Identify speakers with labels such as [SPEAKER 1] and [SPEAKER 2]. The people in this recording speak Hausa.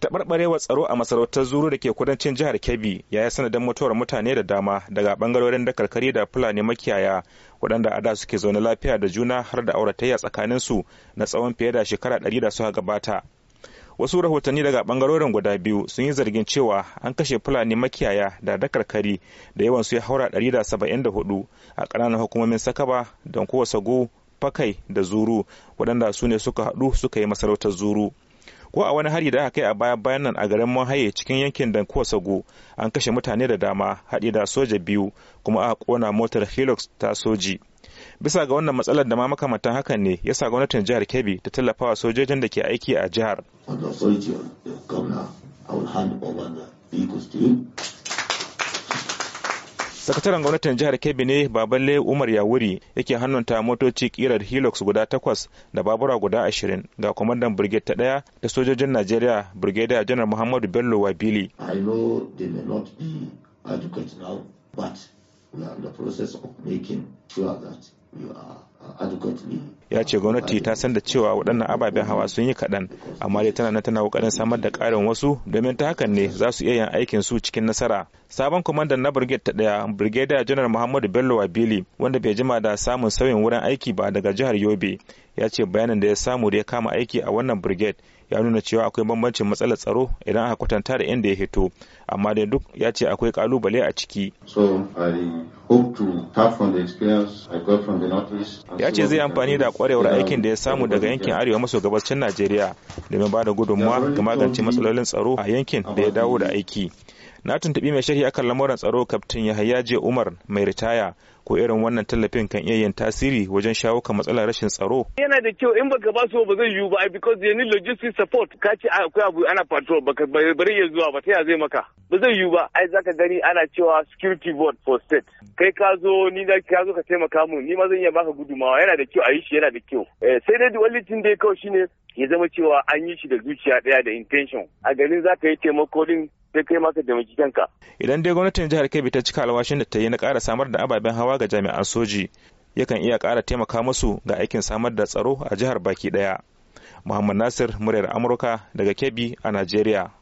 [SPEAKER 1] taɓarɓarewar tsaro a masarautar zuru da ke kudancin jihar kebbi ya yi sanadin mutuwar mutane da dama daga bangarorin da karkari da fulani makiyaya waɗanda a da suke zaune lafiya da juna har da auratayya tsakanin su na tsawon fiye da shekara ɗari da suka gabata wasu rahotanni daga bangarorin guda biyu sun yi zargin cewa an kashe fulani makiyaya da dakarkari da yawan su ya haura hudu a ƙananan hukumomin sakaba don kowa sago fakai da zuru waɗanda su ne suka haɗu suka yi masarautar zuru ko a wani hari da aka kai a baya bayan nan a garin Monhaye cikin yankin da kosago an kashe mutane da dama haɗe da soja biyu kuma aka kona motar Hilux ta soji. Bisa ga wannan matsalar da ma makamantan hakan ne ya sa gwamnatin jihar Kebbi ta tallafawa sojojin da ke aiki a jihar. sakataren gwamnatin jihar kebbi ne baballe umar yawuri yake hannunta motoci kirar hilux guda takwas da babura guda ashirin ga kwamandan birgit ta daya da sojojin najeriya brigadier janar muhammadu bello wabili but we are in the process of making sure that you are ya ce gwamnati ta san da cewa waɗannan ababen hawa sun yi kaɗan amma dai tana tana ƙoƙarin samar da ƙarin wasu domin ta hakan ne za su iya yin aikin su cikin nasara sabon kwamandan na brigade ta ɗaya brigadier janar muhammadu bello wabili wanda bai jima da samun sauyin wurin aiki ba daga jihar yobe ya ce bayanin da ya samu da ya kama aiki a wannan brigade ya nuna cewa akwai bambancin matsalar tsaro idan aka kwatanta da inda ya hito amma dai duk ya ce akwai kalubale a ciki ya ce zai amfani da kwarewar aikin da ya samu daga yankin arewa maso gabashin najeriya domin ba da gudunmawa ga magance matsalolin tsaro a yankin da ya dawo da aiki na tuntuɓi mai sharhi akan lamuran tsaro kaftin yahaya je umar mai ritaya ko irin wannan tallafin kan iya yin tasiri wajen shawo kan matsalar rashin tsaro
[SPEAKER 2] yana da kyau in baka ba su ba zai yiwu ba because yanni logistic support ka ce akwai abu ana patrol baka bari ya zuwa ba ta ya zai maka ba zai yiwu ba ai zaka gani ana cewa security board for state kai ka zo ni da ka zo ka taimaka mun ni ma zan iya baka gudumawa yana da kyau a yi shi yana da kyau eh, sai dai tun dai kawai shine ya zama cewa an yi shi da zuciya daya da intention a garin za ka yi taimako din sai kai ma ka taimaki kanka.
[SPEAKER 1] Idan dai gwamnatin jihar Kebbi ta cika alwashin da ta yi na ƙara samar da ababen hawa ga jami'an soji, yakan iya ƙara taimaka musu ga aikin samar da tsaro a jihar baki ɗaya. Muhammad Nasir, muryar Amurka daga Kebbi a Najeriya.